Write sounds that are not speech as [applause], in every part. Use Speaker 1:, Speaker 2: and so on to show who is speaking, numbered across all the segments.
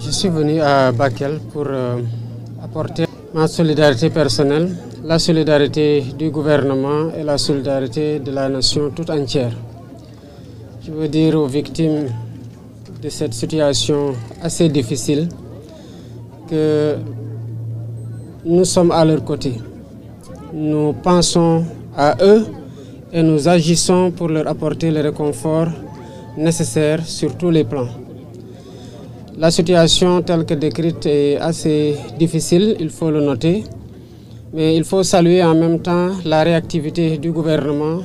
Speaker 1: Je suis venu à Bakel pour euh, apporter ma solidarité personnelle, la solidarité du gouvernement et la solidarité de la nation toute entière. Je veux dire aux victimes de cette situation assez difficile que nous sommes à leur côté. Nous pensons à eux et nous agissons pour leur apporter le réconfort nécessaire sur tous les plans. La situation telle que décrite est assez difficile, il faut le noter, mais il faut saluer en même temps la réactivité du gouvernement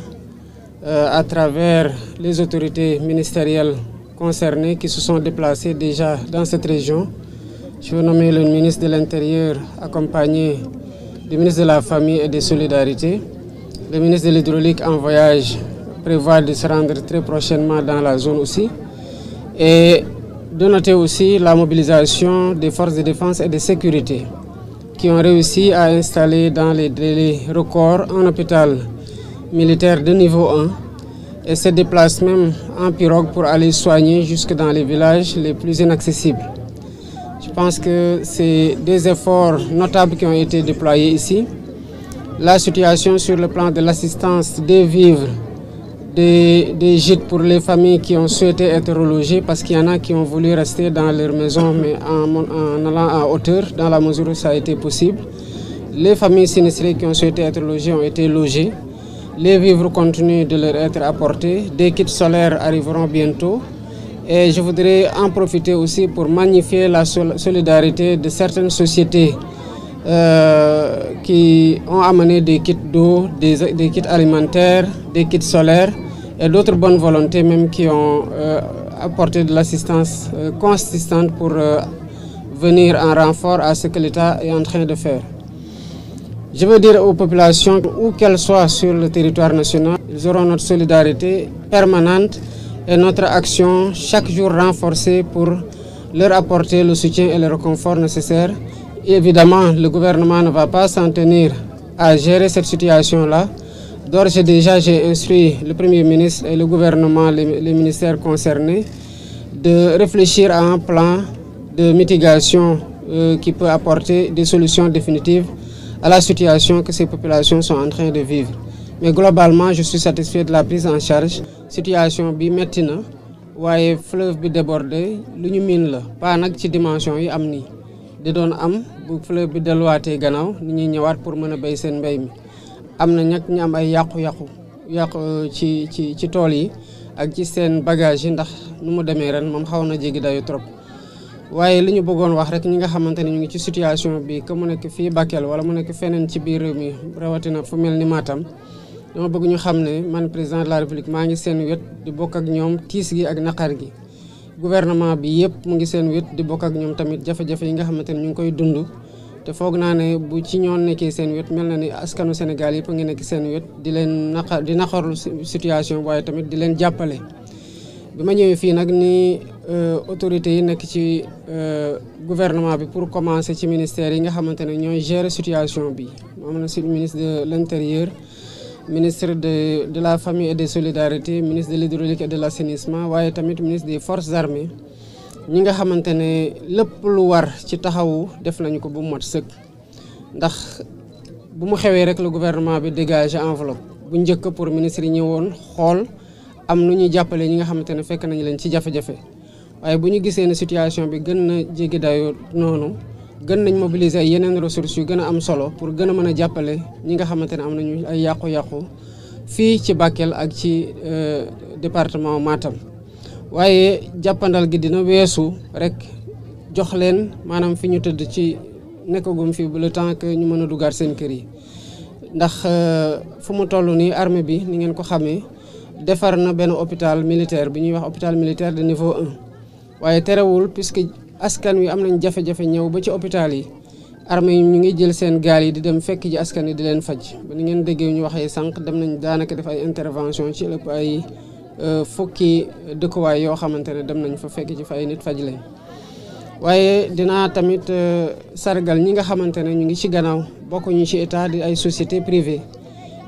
Speaker 1: euh, à travers les autorités ministérielles concernées qui se sont déplacées déjà dans cette région. Je veux nommer le ministre de l'Intérieur accompagné du ministre de la Famille et des Solidarités. Le ministre de l'Hydraulique en voyage prévoit de se rendre très prochainement dans la zone aussi. Et de noter aussi la mobilisation des forces de défense et de sécurité qui ont réussi à installer dans les délais records un hôpital militaire de niveau 1 et se déplacent même en pirogue pour aller soigner jusque dans les villages les plus inaccessibles. Je pense que c'est des efforts notables qui ont été déployés ici. La situation sur le plan de l'assistance des vivres des, gîtes pour les familles qui ont souhaité être logées parce qu'il y en a qui ont voulu rester dans leur maison mais en, allant à hauteur dans la mesure où ça a été possible. Les familles sinistrées qui ont souhaité être logées ont été logées. Les vivres continuent de leur être apportés. Des kits solaires arriveront bientôt. Et je voudrais en profiter aussi pour magnifier la solidarité de certaines sociétés euh, qui ont amené des kits d'eau, des, kits alimentaires, des kits solaires et d'autres bonnes volontés même qui ont euh, apporté de l'assistance euh, consistante pour venir en renfort à ce que l'État est en train de faire. Je veux dire aux populations, où qu'elles soient sur le territoire national, ils auront notre solidarité permanente et notre action chaque jour renforcée pour leur apporter le soutien et le réconfort nécessaire Évidemment, le gouvernement ne va pas s'en tenir à gérer cette situation-là. D'ores et déjà, j'ai instruit le Premier ministre et le gouvernement, les, ministères concernés, de réfléchir à un plan de mitigation euh, qui peut apporter des solutions définitives à la situation que ces populations sont en train de vivre. Mais globalement, je suis satisfait de la prise en charge. Situation bi maintenant, voyez fleuve bi débordé lu ñu miin pas dimension yi am di doon am bu fleuve bi delluwaatee gannaaw nit ñi ñëwaat pour mën a béy seen mbéy mi am na ñag ñu am ay yàqu-yàqu yàqu euh, ci ci ci tool yi ak ci seen bagage yi ndax nu mu demee ren moom xaw na jéggi dayu trop waaye li ñu bëggoon wax rek ñi nga xamante ne ñu ngi ci situation bi ko mu nekk fii Bakel wala mu nekk feneen ci biir réew mi rawatina fu mel ni Matam dama bëgg ñu xam ne man président de la république maa ngi seen wet di bokk ak ñoom tiis gi ak naqar gi gouvernement bi yëpp mu ngi seen wet di bokk ak ñoom tamit jafe-jafe yi nga xamante ne ñu ngi koy dund te foog naa ne bu ci ñoo nekkee seen wét mel na ni askanu Sénégal yëpp a ngi nekk seen wet di leen naqa di naqarlu situation waaye tamit di leen jàppale. bi ma ñëwee fii nag ni euh, autorités yi nekk ci euh, gouvernement bi pour commencer ci ministère yi nga xamante ne ñooy gérer situation bi moom na si ministre de l' ministre de de la famille et des solidarité ministre de l'hydraulique de la l'assainissement waaye tamit ministre des forces armées ñi nga xamante ne lépp lu war ci taxawu def nañu ko bu mu mat sëkk ndax bu mu xewee rek le gouvernement bi dégagé enveloppe bu njëkk pour ministre yi ñëwoon xool am nu ñuy jàppale ñi nga xamante ne fekk nañu leen ci jafe-jafe waaye bu ñu gisee ne situation bi gën na jéggi dayoo noonu gën nañ mobiliser ay yeneen ressources yu gën a am solo pour gën a mën a jàppale ñi nga xamante ne am nañu ay yàqu-yàqu fii ci Bakel ak ci euh, département Matam waaye jàppandal gi dina weesu rek jox leen maanaam fi ñu tëdd ci nekkagum fii bu le temps que ñu mën a dugaat seen kër yi ndax euh, fu mu toll nii armée bi ni ngeen ko xamee defar na benn hôpital militaire bi ñuy wax hôpital militaire de niveau 1 waaye terewul puisque askan wi am nañu jafe-jafe ñëw ba ci hôpital yi armée ñu ngi jël seen gaal yi di dem fekk ci askan wi di leen faj ba ni ngeen déggee ñu waxee sànq dem nañ daanaka def ay intervention ci lépp ay e, fukki dëkkuwaay yoo xamante ne dem nañ fa fekk ci fa ay nit faj leen waaye dinaa tamit e, sargal ñi nga xamante ne ñu ngi ci gannaaw bokkuñu ci état di ay société privée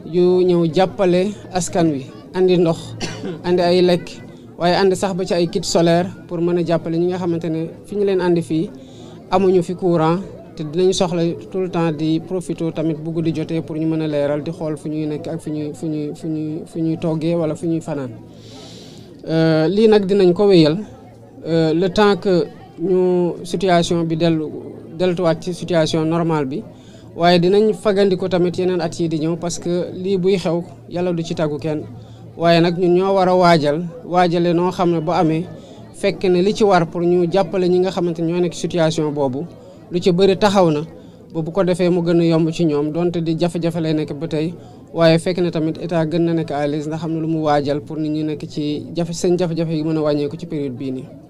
Speaker 1: yu ñëw jàppale askan wi indi ndox [coughs] andi ay lekk waaye ànd sax ba ci ay kit solaire pour mën a jàppale ñi nga xamante ne fi ñu leen àndi fii amuñu fi courant te dinañu soxla tout le temps di profito tamit bu guddi jotee pour ñu mën a leeral di xool fu ñuy nekk ak fu ñuy ñuy fu ñuy fu ñuy toggee wala fu ñuy fanaan euh, lii nag dinañ ko wéyal euh, le temps que ñu situation bi dellu deltuwaat ci situation normal bi waaye dinañ fagandiku tamit yeneen at yi di ñëw parce que lii buy xew yàlla du ci tàggu kenn waaye nag ñun ñoo war a waajal waajale noo xam ne bu amee fekk ne li ci war pour ñu jàppale ñi nga xamante ñoo nekk situation boobu lu ci bëri taxaw na ba bu ko defee mu gën yomb ci ñoom donte di jafe-jafe lay nekk ba tey waaye fekk na tamit état gën na nekk à l'aise ndax xam ne lu mu waajal pour nit ñi nekk ci jafe seen jafe-jafe yi mën a wàññeeku ci période bii nii.